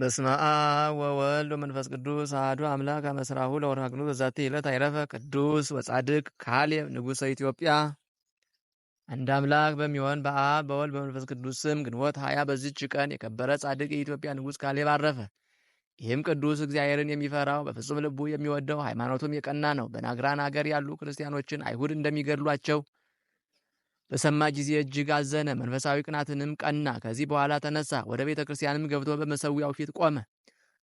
በስመ አብ ወወልድ ወመንፈስ ቅዱስ አሐዱ አምላክ አመ ዕስራሁ ለወርሃ ግንቦት በዛቲ ዕለት አይረፈ ቅዱስ ወጻድቅ ካሌብ ንጉሠ ኢትዮጵያ። አንድ አምላክ በሚሆን በአብ በወልድ በመንፈስ ቅዱስ ስም ግንቦት ሀያ በዚች ቀን የከበረ ጻድቅ የኢትዮጵያ ንጉሥ ካሌብ አረፈ። ይህም ቅዱስ እግዚአብሔርን የሚፈራው በፍጹም ልቡ የሚወደው ሃይማኖቱም የቀና ነው። በናግራን አገር ያሉ ክርስቲያኖችን አይሁድ እንደሚገድሏቸው በሰማ ጊዜ እጅግ አዘነ፣ መንፈሳዊ ቅናትንም ቀና። ከዚህ በኋላ ተነሳ፣ ወደ ቤተ ክርስቲያንም ገብቶ በመሰዊያው ፊት ቆመ።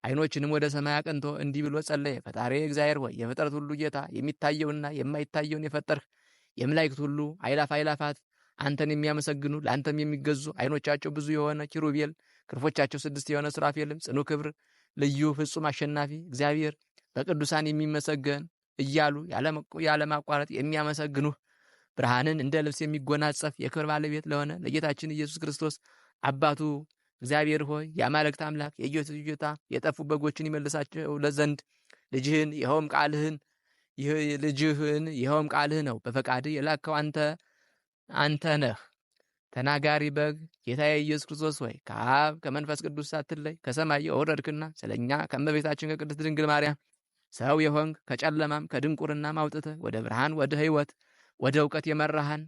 ዓይኖችንም ወደ ሰማይ አቅንቶ እንዲህ ብሎ ጸለየ። ፈጣሪ እግዚአብሔር ሆይ የፍጥረት ሁሉ ጌታ፣ የሚታየውና የማይታየውን የፈጠርህ የመላእክት ሁሉ አይላፍ አይላፋት አንተን የሚያመሰግኑ ለአንተም የሚገዙ ዓይኖቻቸው ብዙ የሆነ ኪሩቤል ክንፎቻቸው ስድስት የሆነ ሱራፌልም ጽኑ ክብር ልዩ ፍጹም አሸናፊ እግዚአብሔር በቅዱሳን የሚመሰገን እያሉ ያለማቋረጥ የሚያመሰግኑህ ብርሃንን እንደ ልብስ የሚጎናጸፍ የክብር ባለቤት ለሆነ ለጌታችን ኢየሱስ ክርስቶስ አባቱ እግዚአብሔር ሆይ የአማልክት አምላክ የጌቱ ጌታ የጠፉ በጎችን ይመልሳቸው ለዘንድ ልጅህን ይኸውም ቃልህን ልጅህን ይኸውም ቃልህ ነው በፈቃድህ የላከው አንተ አንተ ነህ ተናጋሪ በግ ጌታዬ ኢየሱስ ክርስቶስ ሆይ ከአብ ከመንፈስ ቅዱስ ሳትለይ ከሰማይ የወረድክና ስለ ከእመቤታችን ከቅድስት ድንግል ማርያም ሰው የሆንክ ከጨለማም ከድንቁርናም አውጥተህ ወደ ብርሃን ወደ ሕይወት ወደ እውቀት የመራሃን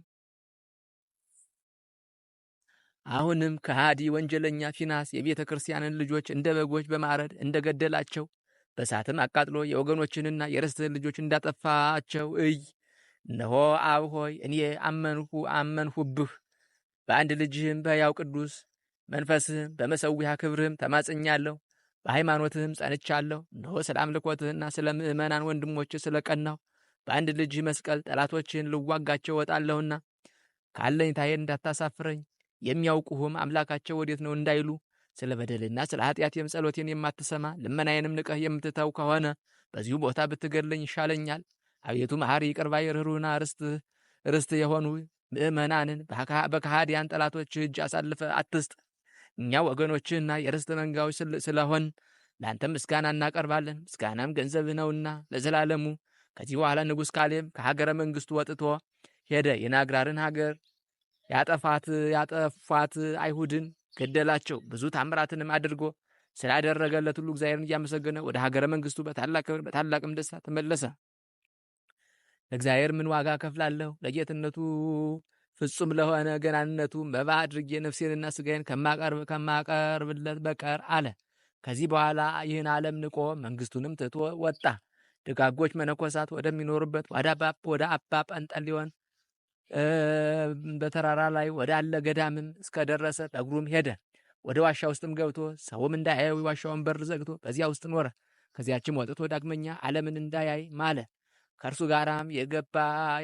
አሁንም ከሃዲ ወንጀለኛ ፊናስ የቤተ ክርስቲያንን ልጆች እንደ በጎች በማረድ እንደ ገደላቸው አቃጥሎ የወገኖችንና የርስትን ልጆች እንዳጠፋቸው እይ። እነሆ አብ ሆይ እኔ አመንሁ አመንሁብህ፣ በአንድ ልጅህም በሕያው ቅዱስ መንፈስህም በመሠዊያ ክብርህም ተማጽኛለሁ፣ በሃይማኖትህም ጸንቻለሁ። እነሆ ስለ አምልኮትህና ስለ ምእመናን ወንድሞች ስለ በአንድ ልጅ መስቀል ጠላቶችህን ልዋጋቸው ወጣለሁና ካለኝ ታሄድ እንዳታሳፍረኝ የሚያውቁህም አምላካቸው ወዴት ነው እንዳይሉ ስለ በደልና ስለ ኃጢአቴም ጸሎቴን የማትሰማ ልመናዬንም ንቀህ የምትተው ከሆነ በዚሁ ቦታ ብትገድለኝ ይሻለኛል። አቤቱ መሐሪ ይቅር ባይ ርኅሩህና ርስት የሆኑ ምእመናንን በካሃዲያን ጠላቶች እጅ አሳልፈ አትስጥ። እኛ ወገኖችህና የርስት መንጋዎች ስለሆን ለአንተም ምስጋና እናቀርባለን። ምስጋናም ገንዘብህ ነውና ለዘላለሙ ከዚህ በኋላ ንጉሥ ካሌብ ከሀገረ መንግስቱ ወጥቶ ሄደ። የናግራርን ሀገር ያጠፋት ያጠፏት አይሁድን ገደላቸው። ብዙ ታምራትንም አድርጎ ስላደረገለት ሁሉ እግዚአብሔርን እያመሰገነ ወደ ሀገረ መንግስቱ በታላቅ ክብር በታላቅም ደስታ ተመለሰ። ለእግዚአብሔር ምን ዋጋ ከፍላለሁ? ለጌትነቱ ፍጹም ለሆነ ገናንነቱ መባ አድርጌ ነፍሴንና ስጋዬን ከማቀርብለት በቀር አለ። ከዚህ በኋላ ይህን ዓለም ንቆ መንግስቱንም ትቶ ወጣ። ደጋጎች መነኮሳት ወደሚኖሩበት ወደ አባ ወደ አባ ጳንጠሊዮን በተራራ ላይ ወደ አለ ገዳምም እስከደረሰ በእግሩም ሄደ። ወደ ዋሻ ውስጥም ገብቶ ሰውም እንዳያየው ዋሻውን በር ዘግቶ በዚያ ውስጥ ኖረ። ከዚያችም ወጥቶ ዳግመኛ ዓለምን እንዳያይ ማለ። ከእርሱ ጋራም የገባ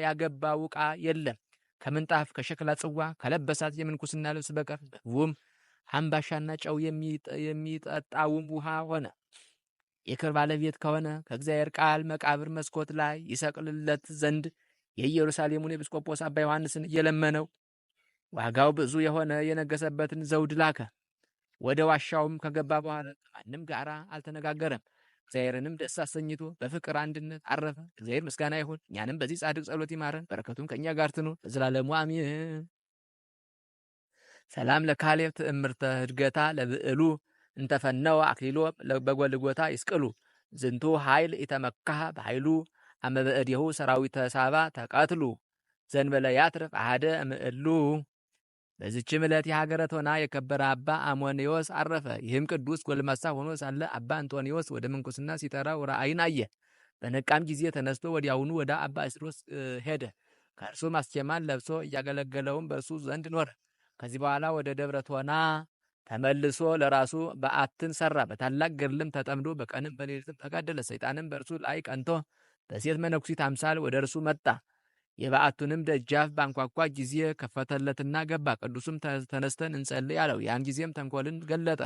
ያገባ ውቃ የለም። ከምንጣፍ ከሸክላ ጽዋ ከለበሳት የምንኩስና ልብስ በቀር ምግቡም አምባሻና ጨው የሚጠጣውም ውሃ ሆነ። የክብር ባለቤት ከሆነ ከእግዚአብሔር ቃል መቃብር መስኮት ላይ ይሰቅልለት ዘንድ የኢየሩሳሌሙን ኤጲስቆጶስ አባ ዮሐንስን እየለመነው ዋጋው ብዙ የሆነ የነገሰበትን ዘውድ ላከ። ወደ ዋሻውም ከገባ በኋላ ከማንም ጋር አልተነጋገረም። እግዚአብሔርንም ደስ አሰኝቶ በፍቅር አንድነት አረፈ። እግዚአብሔር ምስጋና ይሁን፣ እኛንም በዚህ ጻድቅ ጸሎት ይማረን፣ በረከቱም ከእኛ ጋር ትኑር ለዘላለሙ አሚን። ሰላም ለካሌብ ትእምርተ ህድገታ ለብዕሉ እንተፈነወ አክሊሎ በጎልጎታ ይስቅሉ ዝንቱ ኃይል ኢተመካህ በኃይሉ አመበእዴሁ ሰራዊተ ሳባ ተቀትሉ ዘንበለ ያትርፍ አሃደ እምእሉ። በዚችም ዕለት የሀገረ ቶና የከበረ አባ አሞኔዎስ አረፈ። ይህም ቅዱስ ጎልማሳ ሆኖ ሳለ አባ አንቶኒዎስ ወደ ምንኩስና ሲጠራው ራእይን አየ። በነቃም ጊዜ ተነስቶ ወዲያውኑ ወደ አባ እስድሮስ ሄደ። ከእርሱም አስኬማን ለብሶ እያገለገለውም በእርሱ ዘንድ ኖረ። ከዚህ በኋላ ወደ ደብረ ቶና ተመልሶ ለራሱ በዓትን ሰራ። በታላቅ ግርልም ተጠምዶ በቀንም በሌሊትም ተጋደለ። ሰይጣንም በእርሱ ላይ ቀንቶ በሴት መነኩሲት አምሳል ወደ እርሱ መጣ። የበዓቱንም ደጃፍ ባንኳኳ ጊዜ ከፈተለትና ገባ። ቅዱስም ተነስተን እንጸልይ አለው። ያን ጊዜም ተንኮልን ገለጠ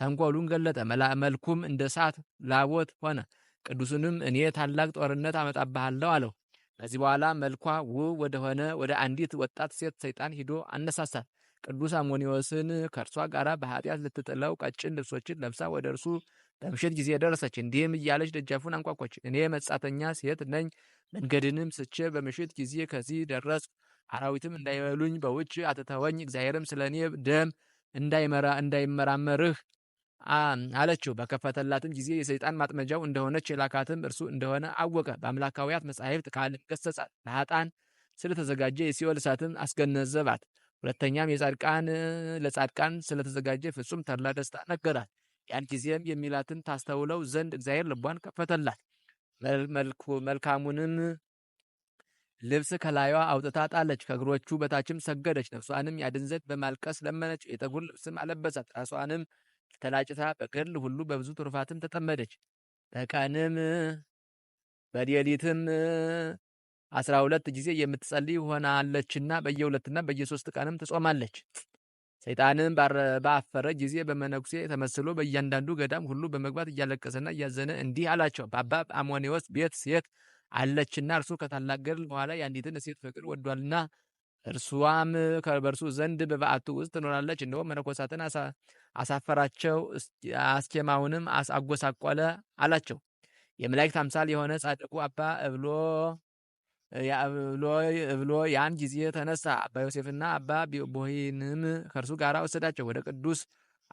ተንኮሉን ገለጠ። መልኩም እንደ እሳት ላቦት ሆነ። ቅዱስንም እኔ ታላቅ ጦርነት አመጣብሃለሁ አለው። ከዚህ በኋላ መልኳ ውብ ወደሆነ ወደ አንዲት ወጣት ሴት ሰይጣን ሂዶ አነሳሳት። ቅዱስ አሞኒዎስን ከእርሷ ጋር በኃጢአት ልትጥለው ቀጭን ልብሶችን ለብሳ ወደ እርሱ በምሽት ጊዜ ደረሰች። እንዲህም እያለች ደጃፉን አንኳኳች። እኔ መጻተኛ ሴት ነኝ፣ መንገድንም ስቼ በምሽት ጊዜ ከዚህ ደረስ አራዊትም እንዳይበሉኝ በውጭ አትተወኝ፣ እግዚአብሔርም ስለ እኔ ደም እንዳይመራመርህ አለችው። በከፈተላትም ጊዜ የሰይጣን ማጥመጃው እንደሆነች የላካትም እርሱ እንደሆነ አወቀ። በአምላካዊያት መጻሕፍት ከዓለም ገሰጻት። ለኃጥአን ስለተዘጋጀ የሲኦል እሳትም አስገነዘባት። ሁለተኛም የጻድቃን ለጻድቃን ስለተዘጋጀ ፍጹም ተድላ ደስታ ነገራት። ያን ጊዜም የሚላትን ታስተውለው ዘንድ እግዚአብሔር ልቧን ከፈተላት። መልካሙንም ልብስ ከላዩዋ አውጥታ ጣለች። ከእግሮቹ በታችም ሰገደች። ነፍሷንም ያድንዘት በማልቀስ ለመነች። የጠጉር ልብስም አለበሳት። ራሷንም ተላጭታ በቅል ሁሉ በብዙ ትሩፋትም ተጠመደች። በቀንም በሌሊትም አስራ ሁለት ጊዜ የምትጸልይ ሆናለችና በየሁለትና በየሶስት ቀንም ትጾማለች። ሰይጣንም ባፈረ ጊዜ በመነኩሴ ተመስሎ በእያንዳንዱ ገዳም ሁሉ በመግባት እያለቀሰና እያዘነ እንዲህ አላቸው። በአባ አሞኔዎስ ቤት ሴት አለችና እርሱ ከታላቅ ገድል በኋላ የአንዲትን ሴት ፍቅር ወዷልና እርሷም በእርሱ ዘንድ በበዓቱ ውስጥ ትኖራለች። እንደውም መነኮሳትን አሳፈራቸው፣ አስኬማውንም አጎሳቆለ አላቸው። የመላእክት አምሳል የሆነ ጻድቁ አባ እብሎ ብሎ ያን ጊዜ ተነሳ። አባ ዮሴፍና አባ ቦሂንም ከእርሱ ጋር ወሰዳቸው። ወደ ቅዱስ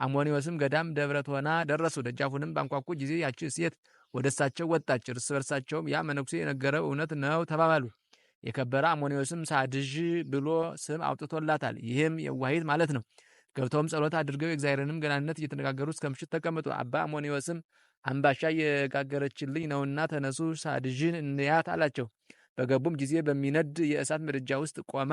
አሞኒዎስም ገዳም ደብረት ሆና ደረሱ። ደጃፉንም ባንኳኩ ጊዜ ያች ሴት ወደ እሳቸው ወጣች። እርስ በርሳቸውም ያ መነኩሴ የነገረው እውነት ነው ተባባሉ። የከበረ አሞኒዎስም ሳድዥ ብሎ ስም አውጥቶላታል። ይህም የዋሂት ማለት ነው። ገብተውም ጸሎት አድርገው የእግዚአብሔርንም ገናንነት እየተነጋገሩ እስከ ምሽት ተቀመጡ። አባ አሞኒዎስም አምባሻ የጋገረችልኝ ነውና ተነሱ ሳድዥን እንያት አላቸው። በገቡም ጊዜ በሚነድ የእሳት ምድጃ ውስጥ ቆማ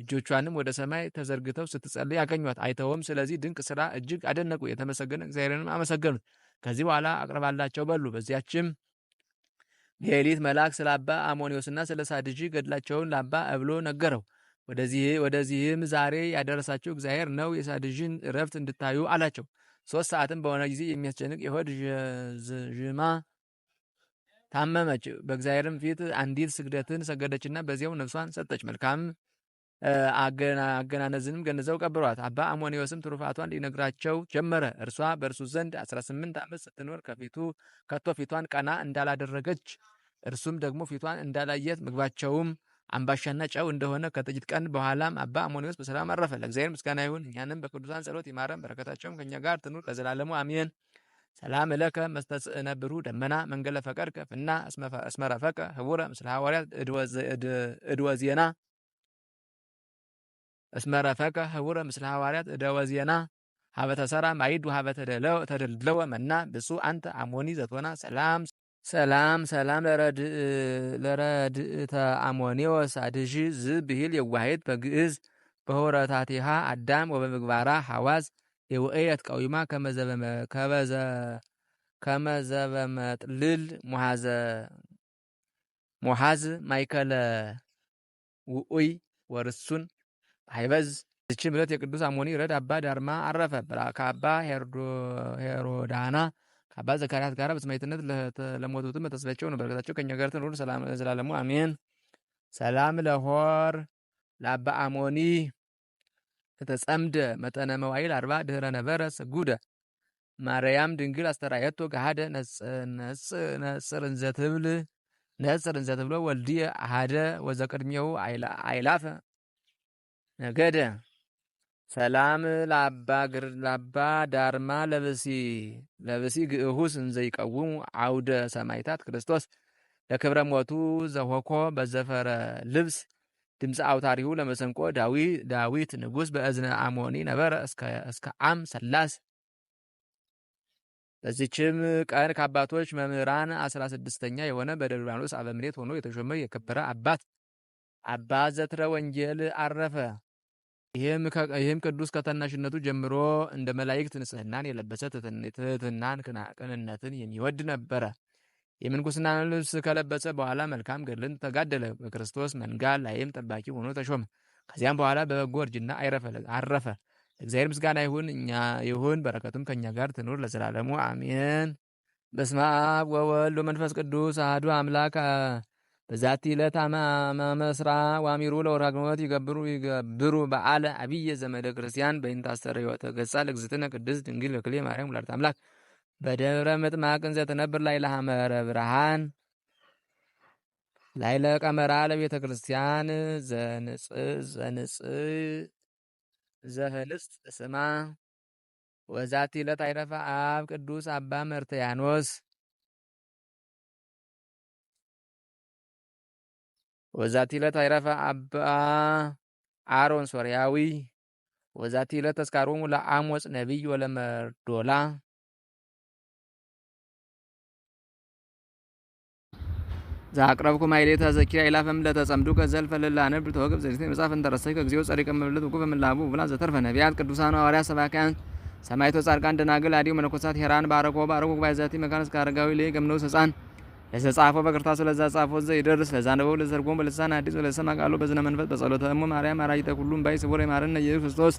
እጆቿንም ወደ ሰማይ ተዘርግተው ስትጸልይ አገኟት። አይተውም። ስለዚህ ድንቅ ስራ እጅግ አደነቁ። የተመሰገነ እግዚአብሔርንም አመሰገኑት። ከዚህ በኋላ አቅርባላቸው በሉ። በዚያችም የሌሊት መልአክ ስለ አባ አሞኒዎስና ስለ ሳድጂ ገድላቸውን ለአባ እብሎ ነገረው። ወደዚህም ዛሬ ያደረሳቸው እግዚአብሔር ነው፣ የሳድጂን እረፍት እንድታዩ አላቸው። ሶስት ሰዓትም በሆነ ጊዜ የሚያስጨንቅ የሆድ ዥማ ታመመች። በእግዚአብሔርም ፊት አንዲት ስግደትን ሰገደችና በዚያው ነፍሷን ሰጠች። መልካም አገናነዝንም ገንዘው ቀብሯት። አባ አሞኒዎስም ትሩፋቷን ሊነግራቸው ጀመረ። እርሷ በእርሱ ዘንድ 18 ዓመት ስትኖር ከፊቱ ከቶ ፊቷን ቀና እንዳላደረገች እርሱም ደግሞ ፊቷን እንዳላየት ምግባቸውም አምባሻና ጨው እንደሆነ ከጥቂት ቀን በኋላም አባ አሞኒዎስ በሰላም አረፈ። ለእግዚአብሔር ምስጋና ይሁን፣ እኛንም በቅዱሳን ጸሎት ይማረን፣ በረከታቸውም ከእኛ ጋር ትኑር ለዘላለሙ አሜን። ሰላም እለከ መስተጽእነብሩ ደመና መንገለ ፈቀድከ ፍና እስመ ረፈቀ ህቡረ ምስለ ሐዋርያት እድወ ዜና እስመ ረፈቀ ህቡረ ምስለ ሐዋርያት እድወ ዜና ሀበተ ሰራ ማይድ መና ብሱ አንተ አሞኒ ዘቶና ሰላም ሰላም ሰላም ለረድእተ አሞኔ ወሳድዥ ዝ ብሂል የዋሄት በግዕዝ በሆረታቴሃ አዳም ወበምግባራ ሐዋዝ የውእየት ቀዊማ ከመዘበመጥልል ሞሓዝ ማይከለ ውኡይ ወርሱን አይበዝ ይህችም ምለት የቅዱስ አሞኒ ረድ አባ ዳርማ አረፈ። ከአባ ሄሮዳና ከአባ ዘካርያት ጋር በሰማዕትነት ለሞቱትም በተስፋቸው ነው። በረከታቸው ከኛ ጋር ትኑር ዘላለሙ አሜን። ሰላም ለሆር ለአባ አሞኒ ተተጸምደ መጠነ መዋይል አርባ ድህረ ነበረ ሰጉደ ማርያም ድንግል አስተራየቶ ገሃደ ነጽር እንዘ ትብል ነጽር እንዘ ወልድየ አሃደ ወዘቅድሜው አይላፈ ነገደ ሰላም ላባ ግር ላባ ዳርማ ለብሲ ለብሲ ግእሁስ እንዘ አውደ ሰማይታት ክርስቶስ ለክብረ ሞቱ ዘሆኮ በዘፈረ ልብስ ድምፂ ኣውታሪሁ ለመሰንቆ ዳዊት ንጉስ በእዝነ ኣሞኒ ነበረ እስከ ዓም ሰላስ በዚችም ቀን ከአባቶች መምህራን አስራ ስድስተኛ የሆነ በደርባኖስ ሊባኖስ አበ ሆኖ የተሾመ የከበረ አባት አባ ዘትረ ወንጌል አረፈ። ይህም ቅዱስ ከተናሽነቱ ጀምሮ እንደ መላይክት ንጽህናን የለበሰ ትህትናን ቅንነትን የሚወድ ነበረ። የምንኩስና ልብስ ከለበሰ በኋላ መልካም ገድልን ተጋደለ። በክርስቶስ መንጋ ላይም ጠባቂ ሆኖ ተሾመ። ከዚያም በኋላ በበጎ እርጅና አረፈ። እግዚአብሔር ምስጋና ይሁን እኛ ይሁን በረከቱም ከእኛ ጋር ትኑር ለዘላለሙ አሜን። በስመ አብ ወወልድ ወመንፈስ ቅዱስ አህዱ አምላክ። በዛቲ ዕለት ዋሚሩ ለወርኃ ግንቦት ይገብሩ ይገብሩ በዓለ አብየ ዘመደ ክርስቲያን በይንታሰረ ይወተ ገጻ ለእግዝእትነ ቅድስት ድንግል በክልኤ ማርያም ወላዲተ አምላክ በደብረ ምጥማቅ ዘተነብር ላይ ለሐመረ ብርሃን ላይ ለቀመራ ለቤተ ክርስቲያን ዘንጽ ዘንጽ ዘህልስት ስማ ወዛቲ ዕለት አይረፈ አብ ቅዱስ አባ መርትያኖስ ወዛቲ ዕለት አይረፈ አባ አሮን ሶርያዊ ወዛቲ ዕለት ተስካሮሙ ለአሞጽ ነቢይ ወለመርዶላ ዛቅረብኩ ማይሌታ ዘኪራ ይላፈም ለተጸምዱ ከዘል ፈለላነ ብርተወግብ ዘሪት መጻፍ እንተረሰይ ከግዚኦ ጸሪቀ መብለት ወቁ በምላቡ ብላ ዘተርፈ ነቢያት ቅዱሳን ሐዋርያ ሰባካያን ሰማይቶ ጻድቃን ደናግል አዲው መነኮሳት ሄራን ባረኮ ባረኮ ጉባኤ ዛቲ መካንስ ካረጋዊ ለይ ገምነው ሰጻን ለዘጻፎ በቅርታሱ ለዛ ጻፎ ዘይደርስ ለዛ ነበው ለዘርጎም በልሳን አዲስ ወለሰማ ቃሉ በዝነ መንፈስ በጸሎተ እሙ ማርያም አራጅተ ሁሉም ባይ ስቡር ይማረነ ኢየሱስ ክርስቶስ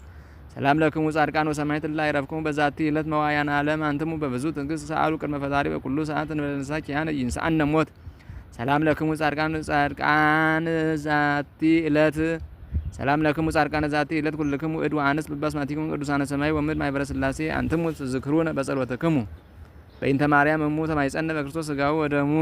ሰላም ለክሙ ጻድቃን ወሰማይት ላይ ረፍክሙ በዛቲ ዕለት መዋያነ ዓለም አንትሙ በብዙ ትንግስ ሰአሉ ቅድመ ፈጣሪ በኩሉ ሰዓት እንበለንሳ ኪያነ ይንሳአነ ሞት ሰላም ለክሙ ጻድቃን ጻድቃን ዛቲ እለት ሰላም ለክሙ ጻድቃን ዛቲ እለት ኩልክሙ እድ ወአንስ በባስማቲክሙ ቅዱሳነ ሰማይ ወምድ ማኅበረ ሥላሴ አንትሙ ትዝክሩነ በጸሎትክሙ በእንተ ማርያም እሙ ተማይጸነ በክርስቶስ ሥጋው ወደሙ